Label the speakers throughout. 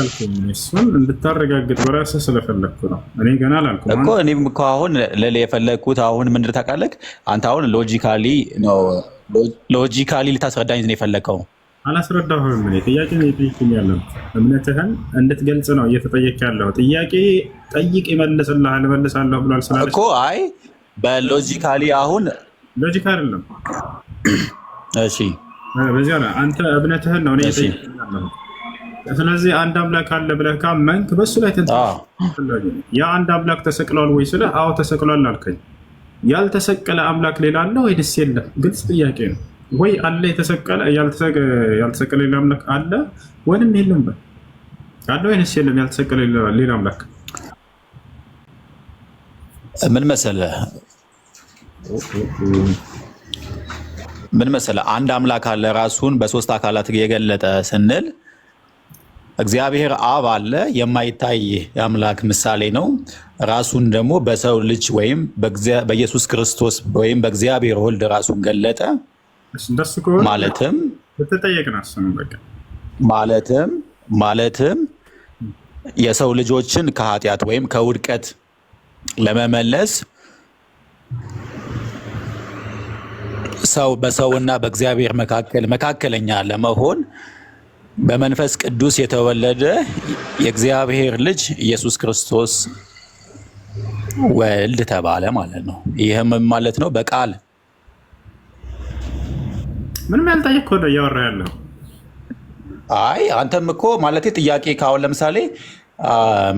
Speaker 1: አልኩም እሱን እንድታረጋግጥ በራስህ ስለፈለግኩ ነው። እኔ ገና አላልኩም
Speaker 2: እኮ። እኔም እኮ አሁን የፈለግኩት አሁን ምንድን ታውቃለህ አንተ አሁን ሎጂካሊ ነው ሎጂካሊ ልታስረዳኝ ነው የፈለግከው።
Speaker 1: አላስረዳሁም። እኔ ጥያቄ እየጠየቅኝ ያለው እምነትህን እንድትገልጽ ነው እየተጠየቅ ያለው ጥያቄ ጠይቅ ይመልስልሃል፣ እመልሳለሁ ብሏል
Speaker 2: ስላለች እኮ። አይ በሎጂካሊ አሁን ሎጂክ አይደለም። እሺ
Speaker 1: በዚያ አንተ እምነትህን ነው እኔ እየጠየቅ ያለሁ ስለዚህ አንድ አምላክ አለ ብለህ ካመንክ በሱ ላይ ተፈላጊ ያ አንድ አምላክ ተሰቅሏል ወይ ስለ አዎ ተሰቅሏል አልከኝ። ያልተሰቀለ አምላክ ሌላ አለ ደስ የለም? ግልጽ ጥያቄ ነው። ወይ አለ የተሰቀለ ያልተሰቀለ ሌላ አምላክ አለ ወይንም የለም? በል አለ ደስ የለም? ያልተሰቀለ ሌላ አምላክ
Speaker 2: ምን መሰለ ምን መሰለ አንድ አምላክ አለ ራሱን በሶስት አካላት የገለጠ ስንል እግዚአብሔር አብ አለ፣ የማይታይ የአምላክ ምሳሌ ነው። ራሱን ደግሞ በሰው ልጅ ወይም በኢየሱስ ክርስቶስ ወይም በእግዚአብሔር ወልድ ራሱን ገለጠ። ማለትም ማለትም ማለትም የሰው ልጆችን ከኃጢአት ወይም ከውድቀት ለመመለስ ሰው በሰውና በእግዚአብሔር መካከል መካከለኛ ለመሆን በመንፈስ ቅዱስ የተወለደ የእግዚአብሔር ልጅ ኢየሱስ ክርስቶስ ወልድ ተባለ ማለት ነው። ይህም ማለት ነው በቃል
Speaker 1: ምንም ያልጠየቅ ነው እያወራ ያለው።
Speaker 2: አይ አንተም እኮ ማለት ጥያቄ ካሁን ለምሳሌ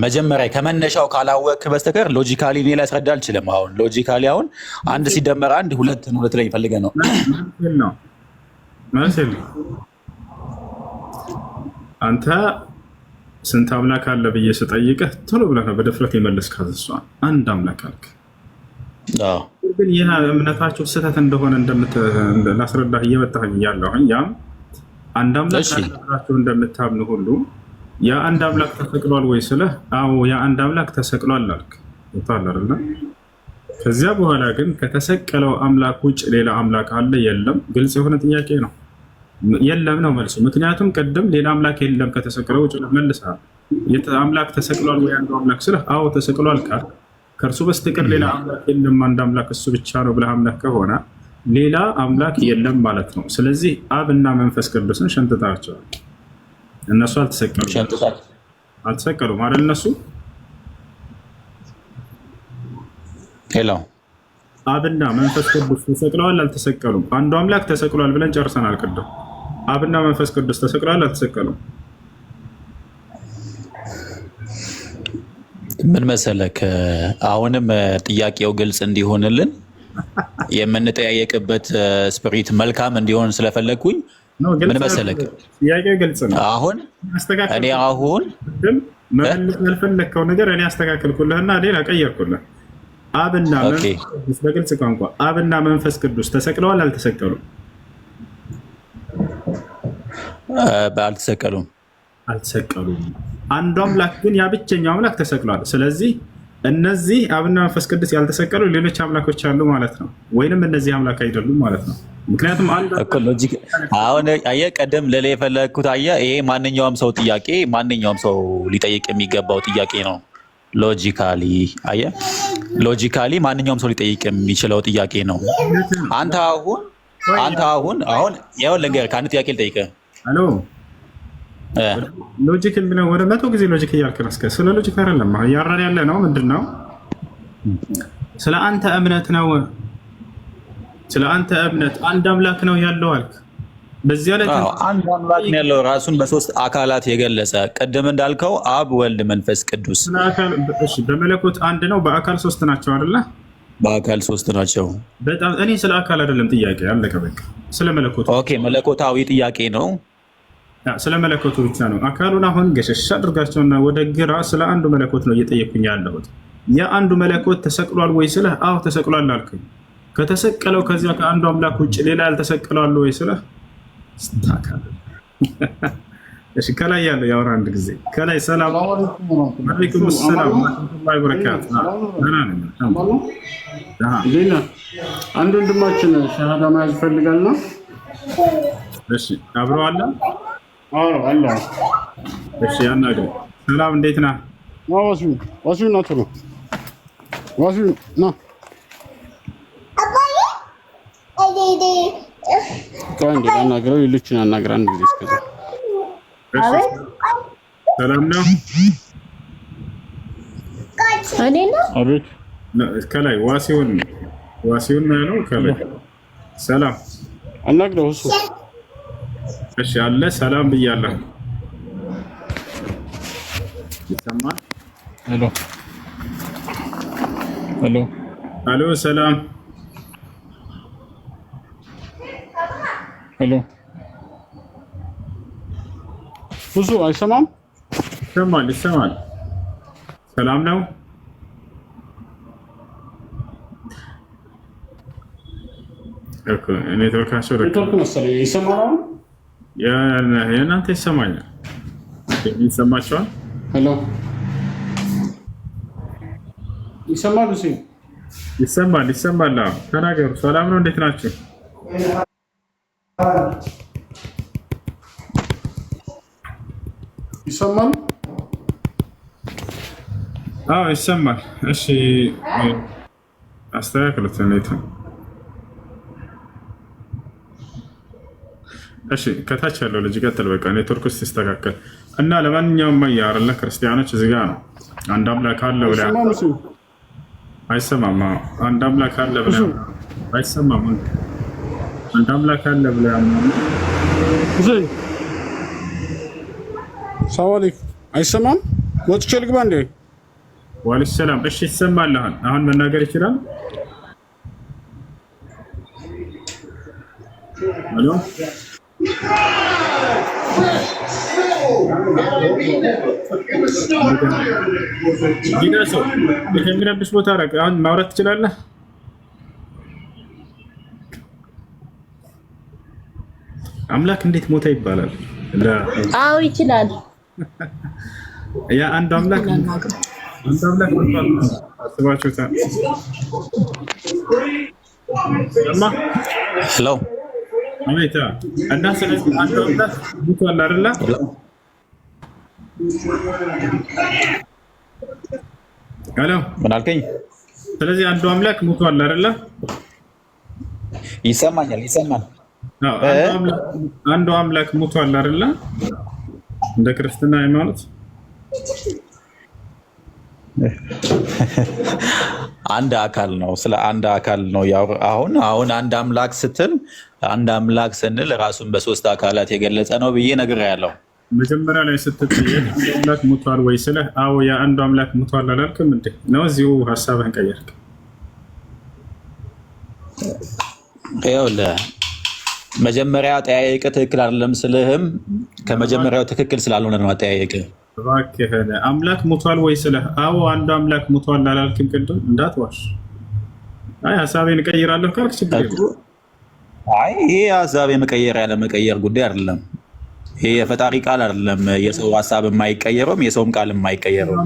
Speaker 2: መጀመሪያ ከመነሻው ካላወቅ በስተቀር ሎጂካሊ እኔ ላይ አልችልም። አሁን ሎጂካሊ አሁን አንድ ሲደመር አንድ ሁለት ሁለት ላይ ይፈልገ ነው
Speaker 1: አንተ ስንት አምላክ አለ ብዬ ስጠይቅህ ቶሎ ብለህ ነው በድፍረት የመለስካት እሷን አንድ አምላክ አልክ። ግን ይህ እምነታቸው ስህተት እንደሆነ ላስረዳህ እየመጣኝ እያለሁኝ ያም አንድ አምላክ እንደምታምን ሁሉ ያ አንድ አምላክ ተሰቅሏል ወይ ስልህ፣ አዎ ያ አንድ አምላክ ተሰቅሏል አልክ። ታለርና ከዚያ በኋላ ግን ከተሰቀለው አምላክ ውጭ ሌላ አምላክ አለ የለም? ግልጽ የሆነ ጥያቄ ነው። የለም ነው መልሱ። ምክንያቱም ቅድም ሌላ አምላክ የለም ከተሰቀለ ውጭ መልሰሃል። አምላክ ተሰቅሏል ወይ አንዱ አምላክ ስለ አዎ ተሰቅሏል ቃል ከእርሱ በስተቀር ሌላ አምላክ የለም አንድ አምላክ እሱ ብቻ ነው ብለህ አምላክ ከሆነ ሌላ አምላክ የለም ማለት ነው። ስለዚህ አብና መንፈስ ቅዱስን ሸንጥታቸዋል። እነሱ አልተሰቀሉ አልተሰቀሉም እነሱ ሄሎ አብና መንፈስ ቅዱስ ተሰቅለዋል አልተሰቀሉም? አንዱ አምላክ ተሰቅሏል ብለን ጨርሰናል ቅድም አብና መንፈስ ቅዱስ ተሰቅሏል አልተሰቀሉም?
Speaker 2: ምን መሰለክ፣ አሁንም ጥያቄው ግልጽ እንዲሆንልን የምንጠያየቅበት ስፕሪት መልካም እንዲሆን ስለፈለግኩኝ
Speaker 1: ምን መሰለክ፣ ጥያቄው ግልጽ ነው።
Speaker 2: አሁን እኔ አሁን
Speaker 1: ያልፈለግከው ነገር እኔ አስተካከልኩልህና ሌላ ቀየርኩልህ። አብና በግልጽ ቋንቋ አብና መንፈስ ቅዱስ ተሰቅለዋል አልተሰቀሉም? አልተሰቀሉም አልተሰቀሉም። አንዱ አምላክ ግን ያ ብቸኛው አምላክ ተሰቅሏል። ስለዚህ እነዚህ አብና መንፈስ ቅዱስ ያልተሰቀሉ ሌሎች አምላኮች አሉ ማለት ነው፣ ወይንም እነዚህ አምላክ አይደሉም ማለት ነው።
Speaker 2: ምክንያቱም አሁን አየህ፣ ቀደም ልልህ የፈለግኩት አየ ይሄ ማንኛውም ሰው ጥያቄ ማንኛውም ሰው ሊጠይቅ የሚገባው ጥያቄ ነው። ሎጂካሊ አየ ሎጂካሊ ማንኛውም ሰው ሊጠይቅ የሚችለው ጥያቄ ነው። አንተ አሁን አንተ አሁን አሁን ይኸውልህ፣ ለንገር ከአንድ ጥያቄ ልጠይቅህ
Speaker 1: አሎ ሎጂክ ነው። ወደ መቶ ጊዜ ሎጂክ እያልክ ነው። ስለ ሎጂክ አይደለም እያረር ያለ ነው። ምንድን ነው? ስለ አንተ እምነት ነው። ስለ አንተ እምነት አንድ አምላክ ነው ያለው አልክ።
Speaker 2: በዚያ ላይ አንድ አምላክ ነው ያለው ራሱን በሶስት አካላት የገለጸ ቅድም እንዳልከው አብ፣ ወልድ፣ መንፈስ ቅዱስ።
Speaker 1: በመለኮት አንድ ነው፣ በአካል ሶስት ናቸው አይደለ?
Speaker 2: በአካል ሶስት ናቸው።
Speaker 1: በጣም እኔ ስለ አካል አይደለም ጥያቄ አለቀ። በቃ ስለ መለኮት
Speaker 2: ኦኬ። መለኮታዊ ጥያቄ ነው
Speaker 1: ስለ መለኮቱ ብቻ ነው። አካሉን አሁን ገሸሽ አድርጋቸውና ወደ ግራ ስለ አንዱ መለኮት ነው እየጠየኩኝ ያለሁት። ያ አንዱ መለኮት ተሰቅሏል ወይ ስለህ፣ አሁ ተሰቅሏል አልክኝ። ከተሰቀለው ከዚያ ከአንዱ አምላክ ውጭ ሌላ ያልተሰቀሏል ወይ ስለህ፣ ስታካል ከላይ ያለው ያወራ አንድ ጊዜ ከላይ ሰላም አለይኩም ሰላም በረካቱ። አንድ ወንድማችን ሻሃዳ መያዝ ይፈልጋል ነው አብረዋለን ሰላም እንዴት ነህ?
Speaker 2: ዋሲሁን ናት ነው ዋሲሁን ና አንዴ ላናግረው። ሌሎችን አናግር አንድ ጊዜ እስከዛ
Speaker 1: ሰላም ነው። አቤት ከላይ ዋሲውን ዋሲውን ነው ያለው ከላይ ሰላም አናግረው እሱ እሺ አለ ሰላም ብያለሁ። ይሰማል?
Speaker 2: ሄሎ ሄሎ
Speaker 1: ሄሎ ሰላም
Speaker 2: ሄሎ ብዙ አይሰማም?
Speaker 1: ይሰማል ይሰማል። ሰላም ነው። ኔትወርክ
Speaker 2: ኔትወርክ መሰለኝ ይሰማል።
Speaker 1: የእናንተ ይሰማኛል? ይሰማቸዋል?
Speaker 2: ሄሎ ይሰማሉ? ሲ
Speaker 1: ይሰማል፣ ይሰማል። ተናገሩ። ሰላም ነው? እንዴት ናቸው? ይሰማል? አዎ ይሰማል። እሺ አስተካክሉት። እንዴት ነው እሺ ከታች ያለው ልጅ ቀጥል። በቃ ኔትወርክ ውስጥ ይስተካከል እና ለማንኛውም ማያርለ ክርስቲያኖች እዚህ ጋ ነው። አንድ አምላክ አለ ብለህ አይሰማም። አንድ አምላክ አለ ብለህ አይሰማም። አንድ አምላክ አለ ብለህ
Speaker 2: ሰላም አለይኩም። አይሰማም። ወጥቼ ልግባ እንዴ?
Speaker 1: ዋለይኩም ሰላም። እሺ ይሰማል። አሁን መናገር ይችላል። ሄሎ ይድረሰው ቦታ አሁን ማውራት ትችላለህ። አምላክ እንዴት ሞታ ይባላል?
Speaker 2: አዎ ይችላል።
Speaker 1: ያ አንድ አምላክ አንድ አምላክ አስባችሁታል። ሄሎ አቤት እና ስለዚህ አንድ ወጣት ሙቷል አይደለ? ሄሎ ምን አልከኝ? ስለዚህ አንዱ አምላክ ሙቷል አይደለ?
Speaker 2: ይሰማኛል፣ ይሰማል።
Speaker 1: አንዱ አምላክ ሙቷል አይደለ? እንደ ክርስትና ሃይማኖት
Speaker 2: አንድ አካል ነው። ስለ አንድ አካል ነው። አሁን አሁን አንድ አምላክ ስትል አንድ አምላክ ስንል ራሱን በሶስት አካላት የገለጸ ነው ብዬ ነግሬያለሁ።
Speaker 1: መጀመሪያ ላይ ስትል አምላክ ሙቷል ወይ ስለ አዎ የአንዱ አምላክ ሙቷል አላልክም እንዴ? ነው እዚሁ ሀሳብህን ቀየርክ።
Speaker 2: ይኸውልህ መጀመሪያ አጠያየቅህ ትክክል አይደለም ስልህም ከመጀመሪያው ትክክል ስላልሆነ ነው አጠያየቅህ
Speaker 1: እባክህን አምላክ ሞቷል ወይ ስለ አዎ አንዱ አምላክ ሞቷል አላልክም? ቅድም እንዳትዋሽ። አይ ሀሳቤን እቀይራለሁ ካልክ ችግር
Speaker 2: አይ ይሄ ሀሳብ የመቀየር ያለመቀየር ጉዳይ አይደለም። ይሄ የፈጣሪ ቃል አይደለም። የሰው ሀሳብ የማይቀየረውም የሰውም ቃል የማይቀየረው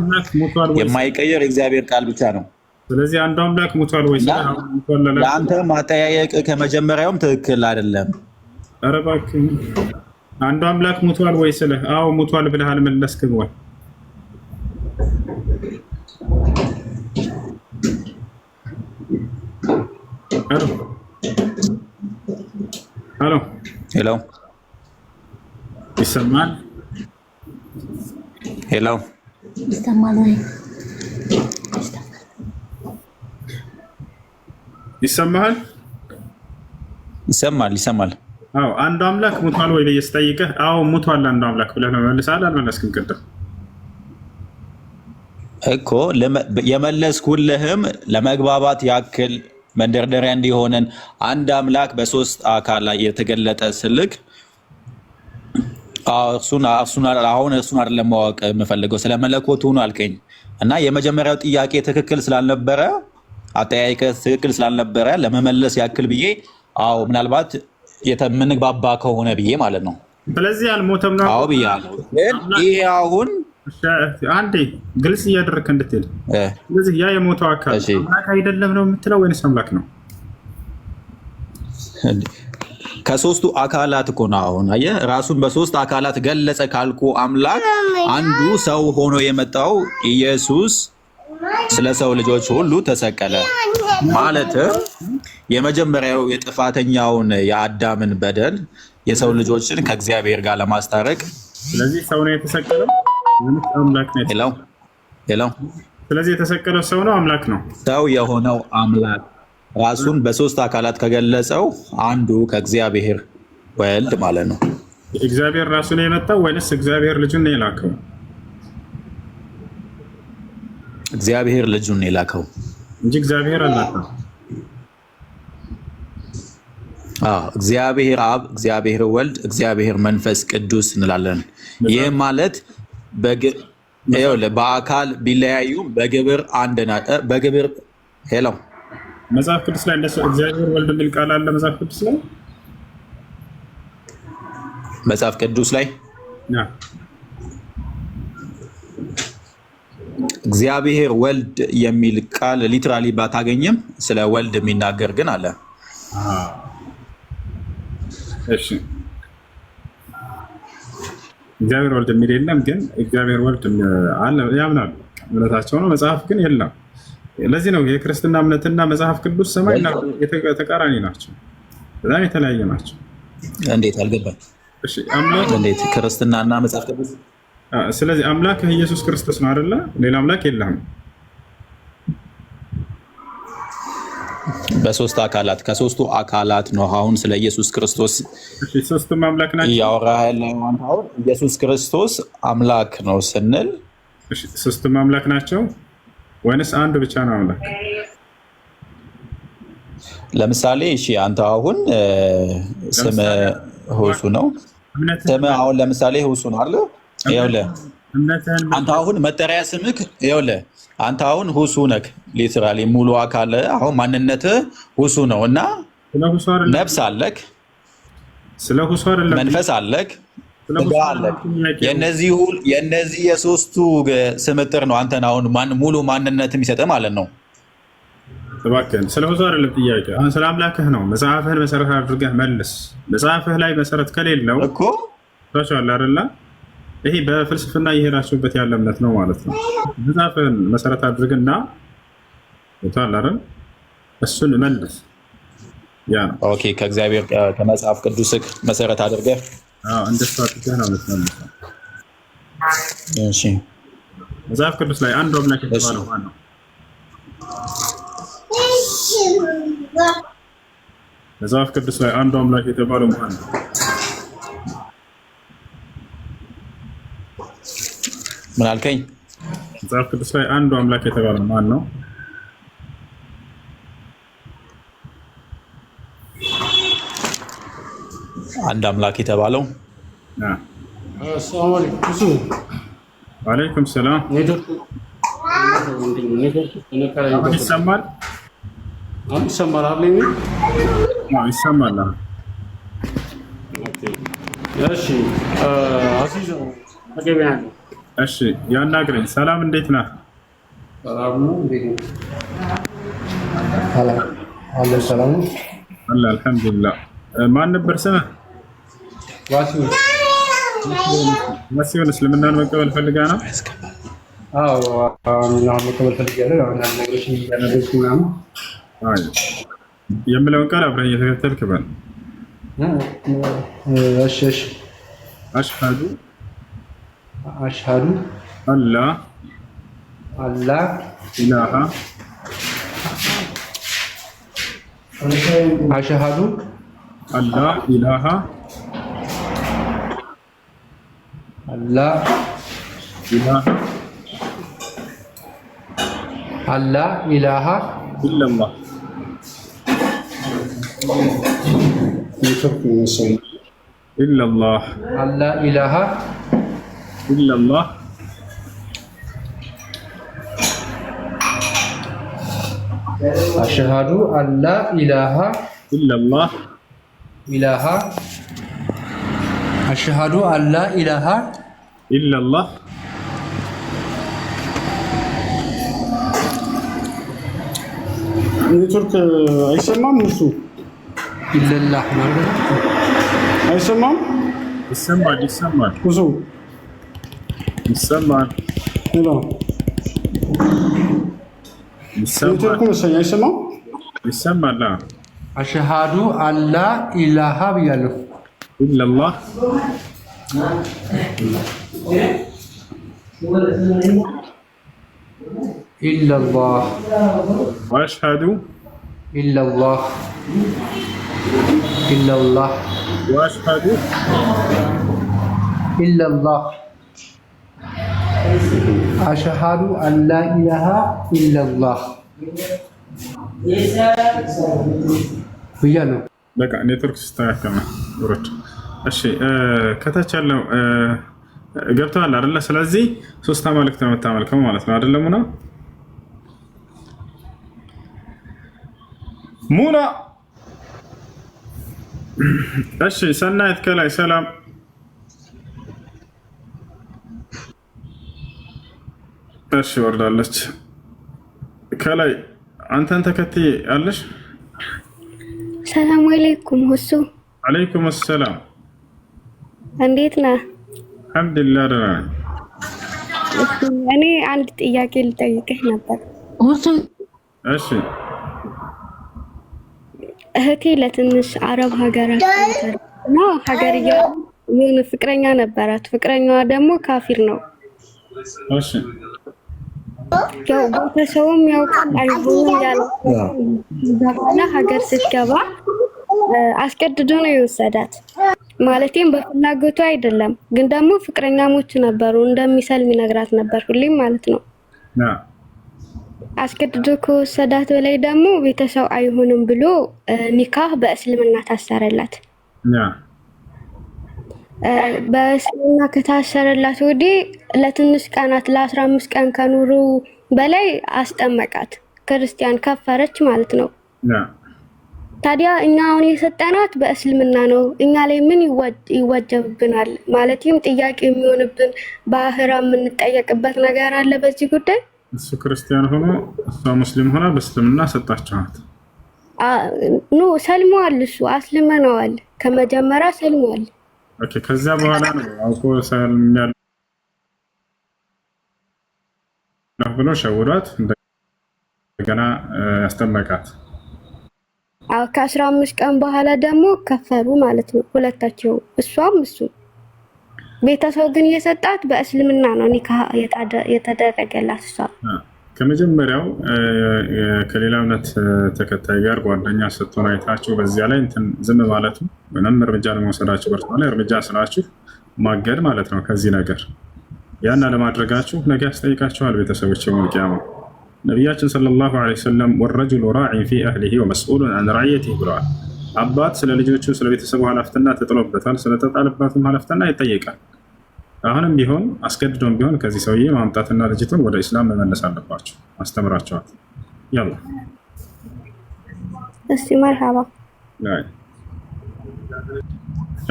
Speaker 2: የማይቀየር እግዚአብሔር ቃል ብቻ ነው።
Speaker 1: ስለዚህ አንዱ አምላክ ሞቷል ወይ
Speaker 2: ለአንተ ማጠያየቅ ከመጀመሪያውም ትክክል አይደለም።
Speaker 1: ኧረ እባክህ አንዱ አምላክ ሙቷል ወይ ስለ አዎ ሙቷል ብለህ አልመለስክም ወይ? ሄሎ ሄሎ፣ ይሰማል?
Speaker 2: ሄሎ ይሰማል ወይ? ይሰማል ይሰማል
Speaker 1: አዎ አንዱ አምላክ ሙቷል ወይ ብዬ ስጠይቅህ፣ አዎ ሙቷል አንዱ አምላክ ብለህ መመልሰሃል። አልመለስክም። ቅድም
Speaker 2: እኮ የመለስኩልህም ለመግባባት ያክል መንደርደሪያ እንዲሆንን አንድ አምላክ በሶስት አካል ላይ የተገለጠ ስልክ አሁን እርሱን አይደለም ማወቅ የምፈልገው ስለ መለኮቱ ነው አልከኝ እና የመጀመሪያው ጥያቄ ትክክል ስላልነበረ አጠያይቀ ትክክል ስላልነበረ ለመመለስ ያክል ብዬ አዎ ምናልባት የምንግባባ ከሆነ ብዬ ማለት ነው።
Speaker 1: ስለዚህ አልሞተም ነው።
Speaker 2: አዎ ብያለሁ። ይሄ አሁን
Speaker 1: አንዴ ግልጽ እያደረግህ እንድትል። ስለዚህ ያ የሞተው አካል አምላክ አይደለም ነው የምትለው ወይንስ አምላክ ነው?
Speaker 2: ከሶስቱ አካላት እኮ ነው። አሁን አየህ፣ ራሱን በሶስት አካላት ገለጸ ካልኩ አምላክ አንዱ ሰው ሆኖ የመጣው ኢየሱስ ስለ ሰው ልጆች ሁሉ ተሰቀለ። ማለት የመጀመሪያው የጥፋተኛውን የአዳምን በደል የሰው ልጆችን ከእግዚአብሔር ጋር ለማስታረቅ
Speaker 1: ስለዚህ ሰው ነው የተሰቀለው፣ አምላክ
Speaker 2: ነው
Speaker 1: ስለዚህ የተሰቀለው ሰው ነው፣ አምላክ ነው።
Speaker 2: ሰው የሆነው አምላክ ራሱን በሶስት አካላት ከገለጸው አንዱ ከእግዚአብሔር ወልድ ማለት ነው።
Speaker 1: እግዚአብሔር ራሱን የመጣው ወይንስ እግዚአብሔር ልጁን የላከው?
Speaker 2: እግዚአብሔር ልጁን የላከው።
Speaker 1: እንጂ እግዚአብሔር አላታ
Speaker 2: እግዚአብሔር አብ፣ እግዚአብሔር ወልድ፣ እግዚአብሔር መንፈስ ቅዱስ እንላለን። ይህ ማለት በአካል ቢለያዩም በግብር አንድ በግብር ሄሎ
Speaker 1: መጽሐፍ ቅዱስ ላይ እንደሱ እግዚአብሔር ወልድ የሚል ቃል አለ። መጽሐፍ ቅዱስ ላይ
Speaker 2: መጽሐፍ ቅዱስ ላይ እግዚአብሔር ወልድ የሚል ቃል ሊትራሊ ባታገኝም ስለ ወልድ የሚናገር ግን አለ።
Speaker 1: እግዚአብሔር ወልድ የሚል የለም፣ ግን እግዚአብሔር ወልድ አለ ያምናሉ። እምነታቸው ነው፣ መጽሐፍ ግን የለም። ለዚህ ነው የክርስትና እምነትና መጽሐፍ ቅዱስ ሰማይና ተቃራኒ ናቸው፣ በጣም የተለያዩ ናቸው።
Speaker 2: እንዴት አልገባኝ። ክርስትናና መጽሐፍ ቅዱስ
Speaker 1: ስለዚህ አምላክህ ኢየሱስ ክርስቶስ ነው አይደለ? ሌላ አምላክ የለህም።
Speaker 2: በሶስት አካላት ከሶስቱ አካላት ነው አሁን ስለ ኢየሱስ ክርስቶስ
Speaker 1: ሶስቱም አምላክ ናቸው
Speaker 2: እያወራ ያለው። አሁን ኢየሱስ ክርስቶስ አምላክ ነው ስንል
Speaker 1: ሶስቱም አምላክ ናቸው ወይንስ አንዱ ብቻ ነው አምላክ?
Speaker 2: ለምሳሌ እሺ፣ አንተ አሁን ስም ሁሱ ነው ስም አሁን ለምሳሌ ሁሱ ነው አይደለ? ይኸውልህ
Speaker 1: አንተ አሁን መጠሪያ ስምክ ይኸውልህ አንተ አሁን ሁሱ ነክ ሊትራሊ ሙሉ አካል አሁን ማንነት ሁሱ ነው እና
Speaker 2: ነፍስ አለክ፣ መንፈስ አለክ፣
Speaker 1: ስጋ አለክ።
Speaker 2: የእነዚህ የሶስቱ ስምጥር ነው አንተን አሁን ሙሉ ማንነት የሚሰጥህ ማለት ነው።
Speaker 1: እባክህን ስለ ሁሱ አይደለም ጥያቄ፣ አሁን ስለ አምላክህ ነው። መጽሐፍህን መሰረት አድርገህ መልስ። መጽሐፍህ ላይ መሰረት ከሌለው እኮ ረሻ አይደለም ይሄ በፍልስፍና እየሄዳችሁበት ያለ እምነት ነው ማለት ነው። መጽሐፍን መሰረት አድርግና ታላርን እሱን መልስ
Speaker 2: ያ ነው። ኦኬ ከእግዚአብሔር ከመጽሐፍ ቅዱስ መሰረት አድርገህ
Speaker 1: እንደሱ አድርገህ ነው የምትመልሰው። እሺ መጽሐፍ ቅዱስ ላይ አንዱ አምላክ የተባለው ማን ነው? መጽሐፍ ቅዱስ ላይ አንዱ አምላክ የተባለው ማን ነው? ምን አልከኝ? መጽሐፍ ቅዱስ ላይ አንዱ አምላክ የተባለ ማን ነው?
Speaker 2: አንድ አምላክ የተባለው
Speaker 1: አለይኩም ሰላም ይሰማል
Speaker 2: ይሰማል። እሺ አዚዝ ነው
Speaker 1: እሺ ያናግረኝ። ሰላም እንዴት ናት? ሰላም አለ አልሐምዱሊላህ። ማን ነበር ስምህ? ዋሲሁን እስልምናን መቀበል ነው? መቀበል ፈልጋ ነው። የምለውን ቃል አብረን እየተከተልክ በል። እሺ እሺ አሽሃዱ
Speaker 2: أشهد
Speaker 1: أن لا إله أشهد أن لا إله أن لا إله
Speaker 2: لا إله
Speaker 1: إلا الله إلا الله
Speaker 2: أن لا إله
Speaker 1: illallah
Speaker 2: Aşhadu an la ilaha illallah İlaha. Aşhadu an la ilaha
Speaker 1: illallah
Speaker 2: Ne Türk e, Ayşemam musun? İllallah. Ayşemam?
Speaker 1: İsem var, isem var. Uzun. مش سامع Non. لا
Speaker 2: أشهد أن لا إله إلا الله إلا الله وأشهد إلا الله إلا الله وأشهد إلا الله አሽሃዱ አላ ኢላሃ ኢለላህ ብያለሁ።
Speaker 1: በቃ ኔትወርክ ሲስተካከል ነው። እሺ ከታች ያለው ገብተዋል አይደለ? ስለዚህ ሶስት አማልክት ነው የምታመልከው ማለት ነው አይደለም ሙና ሙና። እሺ ሰናይት ከላይ ሰላም እሺ ወርዳለች። ከላይ አንተን ተከትዬ አለሽ።
Speaker 2: ሰላም አለይኩም ሁሱ።
Speaker 1: አለይኩም ሰላም። እንዴት ነህ? አልሐምዱሊላህ ደህና ነኝ።
Speaker 2: እኔ አንድ ጥያቄ ልጠይቅህ ነበር ሁሱ። እሺ እህቴ ለትንሽ አረብ ሀገራት እና ሀገር የሆነ ፍቅረኛ ነበራት። ፍቅረኛዋ ደግሞ ካፊር ነው። እሺ ያው ቤተሰቡም ያውቃል አልቦ እንዳለ ሀገር ስትገባ አስገድዶ ነው የወሰዳት። ማለቴም በፍላጎቱ አይደለም፣ ግን ደግሞ ፍቅረኛሞች ነበሩ። እንደሚሰልም ይነግራት ነበር ሁሌም ማለት ነው። አስገድዶ ከወሰዳት በላይ ደግሞ ቤተሰብ አይሆንም ብሎ ኒካህ በእስልምና ታሰረላት። በእስልምና ከታሰረላት ወዲህ ለትንሽ ቀናት ለአስራ አምስት ቀን ከኑሩ በላይ አስጠመቃት። ክርስቲያን ከፈረች ማለት ነው። ታዲያ እኛ አሁን የሰጠናት በእስልምና ነው። እኛ ላይ ምን ይወጀብብናል? ማለትም ጥያቄ የሚሆንብን ባህራ የምንጠየቅበት ነገር አለ በዚህ ጉዳይ።
Speaker 1: እሱ ክርስቲያን ሆኖ እሷ ሙስሊም ሆና በእስልምና ሰጣችኋት።
Speaker 2: ኑ ሰልመዋል፣ እሱ አስልመነዋል። ከመጀመሪያ ሰልመዋል።
Speaker 1: ኦኬ ከዛ በኋላ ነው አውቆ ሰልምኛል ብሎ ሸውዷት እንደገና ያስጠመቃት።
Speaker 2: አዎ ከአስራ አምስት ቀን በኋላ ደግሞ ከፈሩ ማለት ነው ሁለታቸው፣ እሷም እሱ። ቤተሰብ ግን የሰጣት በእስልምና ነው ኒካ የተደረገላት እሷ
Speaker 1: ከመጀመሪያው ከሌላ እምነት ተከታይ ጋር ጓደኛ ስትሆን አይታችሁ በዚያ ላይ እንትን ዝም ማለቱ ምንም እርምጃ ለመውሰዳችሁ ላይ እርምጃ ስላችሁ ማገድ ማለት ነው። ከዚህ ነገር ያን አለማድረጋችሁ ነገ ያስጠይቃችኋል ቤተሰቦች ሙልቅያማ ነቢያችን ሰለላሁ ዐለይሂ ወሰለም ወረጁሉ ራዒ ፊ አህሊሂ ወመስኡሉን አን ረዕየቲሂ ብለዋል። አባት ስለ ልጆቹ ስለ ቤተሰቡ ኃላፊነት ተጥሎበታል፣ ስለተጣለባትም ኃላፊነት ይጠየቃል። አሁንም ቢሆን አስገድዶም ቢሆን ከዚህ ሰውዬ ማምጣትና ልጅቱን ወደ ኢስላም መመለስ አለባቸው። አስተምራቸዋል። ያላ መርሃባ።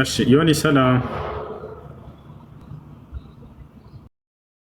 Speaker 1: እሺ ዮኒ ሰላም